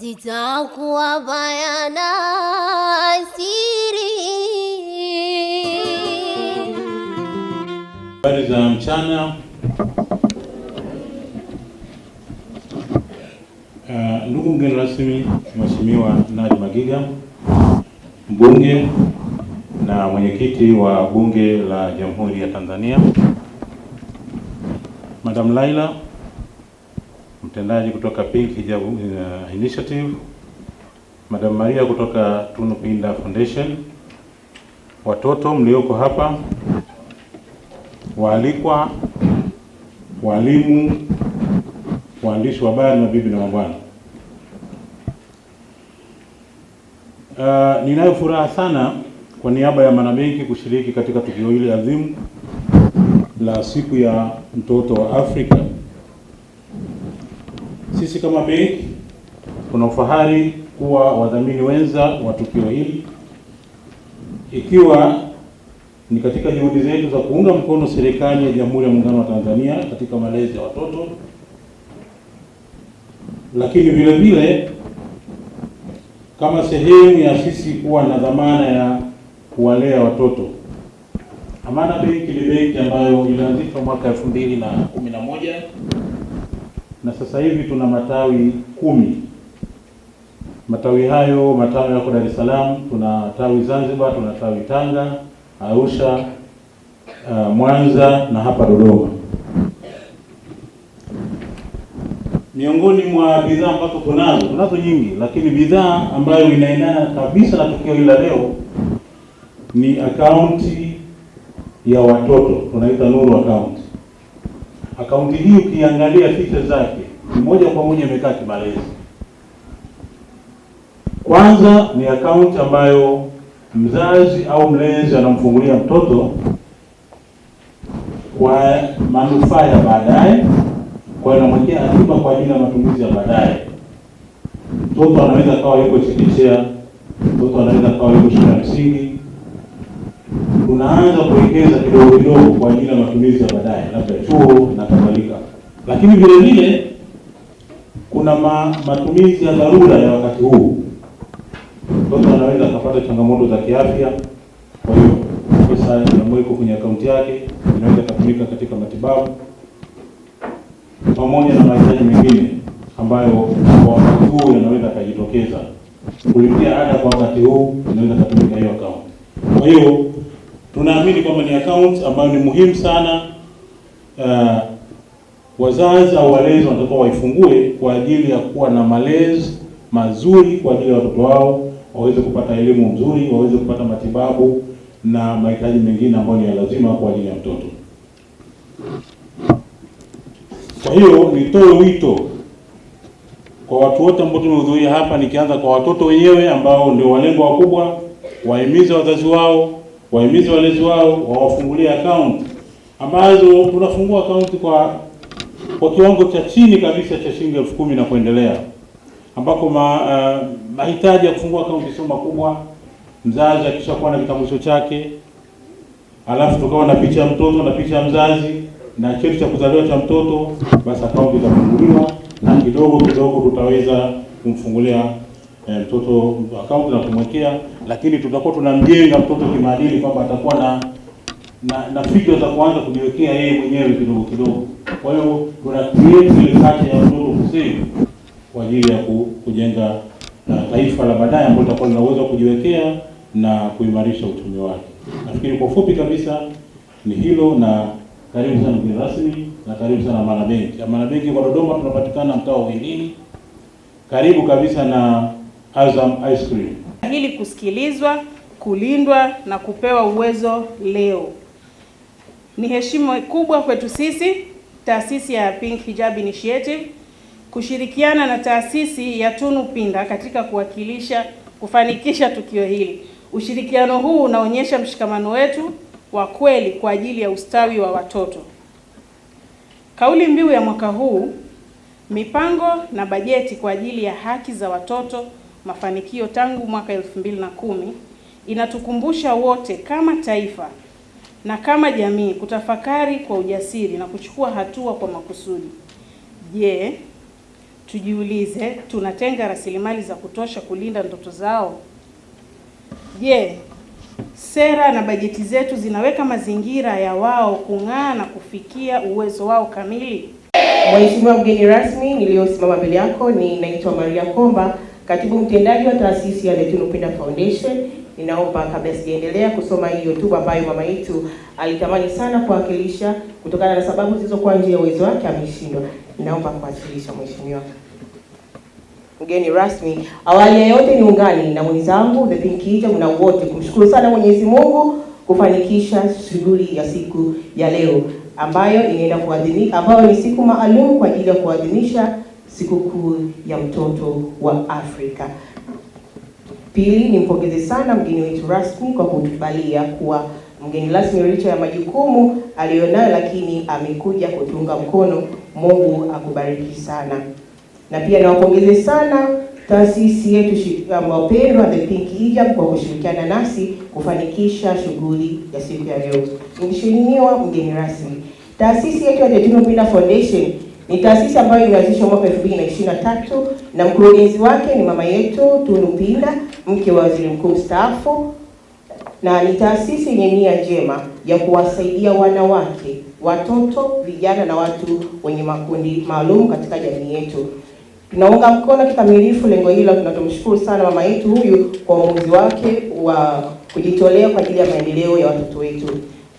zitakuwa bayana siri. Habari za mchana. Uh, ndugu mgeni rasmi Mheshimiwa Nadi Magiga, mbunge na mwenyekiti wa Bunge la Jamhuri ya Tanzania, Madam Laila mtendaji kutoka Pink Hijab uh, Initiative, Madam Maria kutoka Tunu Pinda Foundation, watoto mlioko hapa, waalikwa, walimu, waandishi wa habari, mabibi na mabwana. Uh, ninayo furaha sana kwa niaba ya Mwanabenki kushiriki katika tukio hili adhimu la siku ya mtoto wa Afrika sisi kama benki tuna ufahari kuwa wadhamini wenza wa tukio hili, ikiwa ni katika juhudi zetu za kuunga mkono serikali ya Jamhuri ya Muungano wa Tanzania katika malezi ya watoto, lakini vile vile kama sehemu ya sisi kuwa na dhamana ya kuwalea watoto. Amana Benki ni benki ambayo ilianzishwa mwaka elfu mbili na kumi na moja na sasa hivi tuna matawi kumi. Matawi hayo matano yako Dar es Salaam, tuna tawi Zanzibar, tuna tawi Tanga, Arusha, uh, Mwanza na hapa Dodoma. Miongoni mwa bidhaa ambazo tunazo, tunazo nyingi, lakini bidhaa ambayo inaendana kabisa na tukio hili la leo ni akaunti ya watoto, tunaita Nuru account. Akaunti hii ukiangalia features zake ni moja kwa moja imekaa kimalezi. Kwanza ni akaunti ambayo mzazi au mlezi anamfungulia mtoto kwa manufaa ya baadaye, kwa anamwekea akiba kwa ajili ya matumizi ya baadaye. Mtoto anaweza kawa yuko chekechea, mtoto anaweza kawa yuko shule ya msingi unaanza kuwekeza kidogo kidogo kwa ajili ya matumizi ya baadaye, labda chuo na kadhalika. Lakini vile vile kuna ma, matumizi ya dharura ya wakati huu. Mtoto anaweza akapata changamoto za kiafya, kwa hiyo pesa inamwekwa kwenye akaunti yake, inaweza ikatumika katika matibabu pamoja na mahitaji mengine ambayo kwa wakati huu yanaweza akajitokeza. Kulipia ada kwa wakati huu inaweza katumika hiyo akaunti. Kwa hiyo Tunaamini kwamba ni account ambayo ni muhimu sana. Uh, wazazi au walezi wanatakiwa waifungue kwa ajili ya kuwa na malezi mazuri kwa ajili ya watoto wao waweze kupata elimu nzuri, waweze kupata matibabu na mahitaji mengine ambayo ni ya lazima kwa ajili ya mtoto. Kwa hiyo nitoe wito kwa watu wote ambao tumehudhuria hapa, nikianza kwa watoto wenyewe ambao ndio walengwa wakubwa, waimize wazazi wao wahimize walezi wao wawafungulie akaunti ambazo tunafungua akaunti kwa kwa kiwango cha chini kabisa cha shilingi elfu kumi na kuendelea, ambako ma, uh, mahitaji ya kufungua akaunti sio makubwa. Mzazi akishakuwa na kitambulisho chake, alafu tukawa na picha ya mtoto na picha ya mzazi na cheti cha kuzaliwa cha mtoto, basi akaunti itafunguliwa na kidogo kidogo tutaweza kumfungulia Eh, mtoto e, akaunti na kumwekea, lakini tutakuwa tunamjenga mtoto kimaadili kwamba atakuwa na na, na fikra za kuanza kujiwekea yeye mwenyewe kidogo kidogo. Kwa hiyo tuna create ile kati ya mtoto kusema kwa ajili ya ku, kujenga na taifa la baadaye ambalo litakuwa lina uwezo wa kujiwekea na kuimarisha uchumi wake. Nafikiri kwa ufupi kabisa ni hilo, na karibu sana mgeni rasmi na karibu sana Amana Benki. Amana Benki kwa Dodoma tunapatikana mtaa wa karibu kabisa na Azam Ice Cream. Hili kusikilizwa, kulindwa na kupewa uwezo leo ni heshima kubwa kwetu sisi taasisi ya Pink Hijab Initiative kushirikiana na taasisi ya Tunu Pinda katika kuwakilisha kufanikisha tukio hili. Ushirikiano huu unaonyesha mshikamano wetu wa kweli kwa ajili ya ustawi wa watoto. Kauli mbiu ya mwaka huu, mipango na bajeti kwa ajili ya haki za watoto mafanikio tangu mwaka elfu mbili na kumi inatukumbusha wote kama taifa na kama jamii kutafakari kwa ujasiri na kuchukua hatua kwa makusudi. Je, tujiulize, tunatenga rasilimali za kutosha kulinda ndoto zao? Je, sera na bajeti zetu zinaweka mazingira ya wao kung'aa na kufikia uwezo wao kamili? Mheshimiwa mgeni rasmi, niliyosimama mbele yako ni naitwa Maria Komba Katibu mtendaji wa taasisi ya Letuno Upenda Foundation, ninaomba kabla sijaendelea kusoma hiyo hotuba ambayo mama yetu alitamani sana kuwakilisha, kutokana na sababu zilizokuwa nje ya uwezo wake ameshindwa, ninaomba kuwasilisha mheshimiwa mgeni rasmi. Awali ya yote, niungane na mwenzangu The Pink Hijab na wote kumshukuru sana Mwenyezi Mungu kufanikisha shughuli ya siku ya leo ambayo inaenda kuadhimika, ambayo ni siku maalum kwa ajili ya kuadhimisha sikukuu ya mtoto wa Afrika. Pili, nimpongeze sana mgeni wetu rasmi kwa kutubalia kuwa mgeni rasmi licha ya majukumu aliyonayo, lakini amekuja kutunga mkono. Mungu akubariki sana. Na pia nawapongeze sana taasisi yetu wapendwa, The Pink Hijab kwa kushirikiana nasi kufanikisha shughuli ya siku ya leo. Mheshimiwa mgeni rasmi, taasisi yetu ya The Pinda Foundation ni taasisi ambayo ilianzishwa mwaka 2023 na na mkurugenzi wake ni mama yetu Tunu Pinda, mke wa waziri mkuu mstaafu, na ni taasisi yenye nia njema ya kuwasaidia wanawake, watoto, vijana na watu wenye makundi maalum katika jamii yetu. Tunaunga mkono kikamilifu lengo hilo. Tunatumshukuru sana mama yetu huyu kwa uamuzi wake wa kujitolea kwa ajili ya maendeleo ya watoto wetu.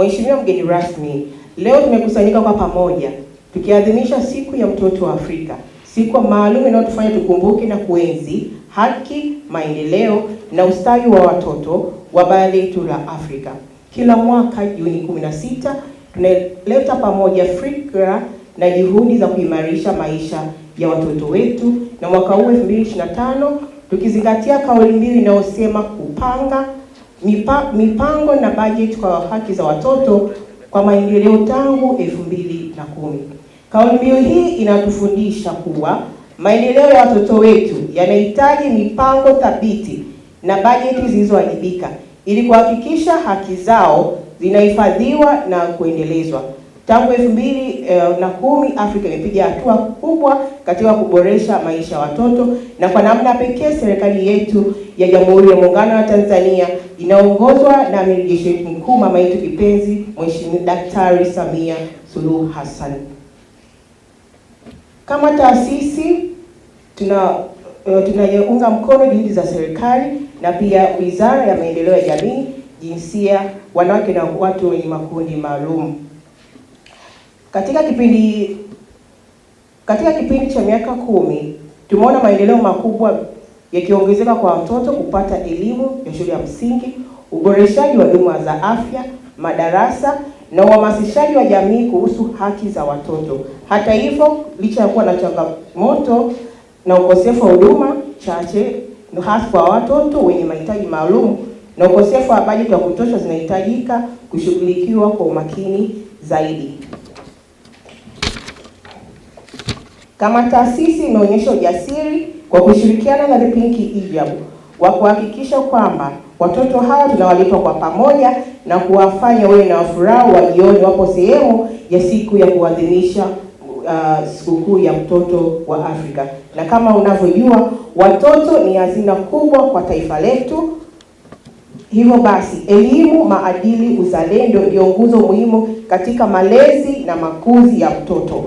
Mheshimiwa mgeni rasmi, leo tumekusanyika kwa pamoja tukiadhimisha siku ya mtoto wa Afrika, siku maalum inayotufanya tukumbuke na kuenzi haki, maendeleo na ustawi wa watoto wa bara letu la Afrika. Kila mwaka Juni 16 tunaleta pamoja fikra na juhudi za kuimarisha maisha ya watoto wetu, na mwaka huu 2025 tukizingatia kauli mbiu inayosema kupanga mipa, mipango na bajeti kwa haki za watoto kwa maendeleo tangu 2010. Kauli mbiu hii inatufundisha kuwa maendeleo ya watoto wetu yanahitaji mipango thabiti na bajeti zilizowajibika ili kuhakikisha haki zao zinahifadhiwa na kuendelezwa. Tangu elfu mbili eh, na kumi Afrika imepiga hatua kubwa katika kuboresha maisha ya watoto, na kwa namna pekee serikali yetu ya Jamhuri ya Muungano wa Tanzania inaongozwa na amiri jeshi mkuu mama yetu kipenzi Mheshimiwa Daktari Samia Suluhu Hassan. Kama taasisi tuna uh, eh, tunaunga mkono juhudi za serikali na pia Wizara ya Maendeleo ya Jamii, Jinsia, Wanawake na Watu wenye Makundi Maalum. Katika kipindi katika kipindi cha miaka kumi tumeona maendeleo makubwa yakiongezeka kwa watoto kupata elimu ya shule ya msingi, uboreshaji wa huduma za afya, madarasa na uhamasishaji wa jamii kuhusu haki za watoto. Hata hivyo, licha ya kuwa na changamoto na ukosefu wa huduma chache hasa kwa watoto wenye mahitaji maalum na ukosefu wa bajeti ya kutosha, zinahitajika kushughulikiwa kwa umakini zaidi. Kama taasisi imeonyesha ujasiri kwa kushirikiana na vipindi hijab wa kuhakikisha kwamba watoto hawa tunawalipa kwa pamoja na kuwafanya wawe na furaha, wajioni wapo sehemu ya siku ya kuadhimisha uh, sikukuu ya mtoto wa Afrika. Na kama unavyojua, watoto ni hazina kubwa kwa taifa letu. Hivyo basi, elimu, maadili, uzalendo ndio nguzo muhimu katika malezi na makuzi ya mtoto.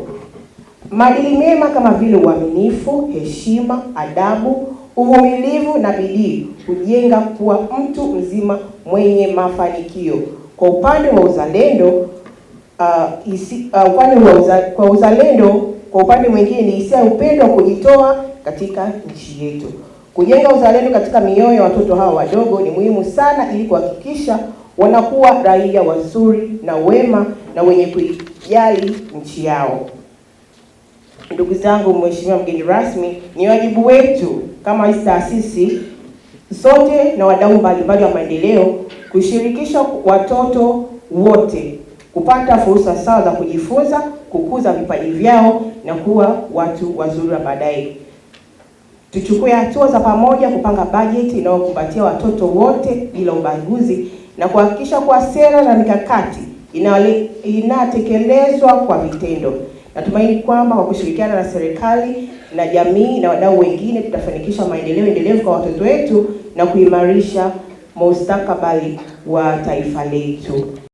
Maadili mema kama vile uaminifu, heshima, adabu, uvumilivu na bidii hujenga kuwa mtu mzima mwenye mafanikio. Kwa upande wa uzalendo, uh, isi, uh, upande wa uza, kwa uzalendo kwa upande mwingine ni hisia ya upendo wa kujitoa katika nchi yetu. Kujenga uzalendo katika mioyo ya watoto hawa wadogo ni muhimu sana ili kuhakikisha wanakuwa raia wazuri na wema na wenye kuijali nchi yao. Ndugu zangu, mheshimiwa mgeni rasmi, ni wajibu wetu kama taasisi zote na wadau mbalimbali wa maendeleo kushirikisha watoto wote kupata fursa sawa za kujifunza, kukuza vipaji vyao na kuwa watu wazuri wa baadaye. Tuchukue hatua za pamoja kupanga bajeti inayokumbatia watoto wote bila ubaguzi na kuhakikisha kuwa sera na mikakati inatekelezwa kwa vitendo. Natumaini kwamba kwa kushirikiana na serikali na jamii na wadau wengine tutafanikisha maendeleo endelevu kwa watoto wetu na kuimarisha mustakabali wa taifa letu.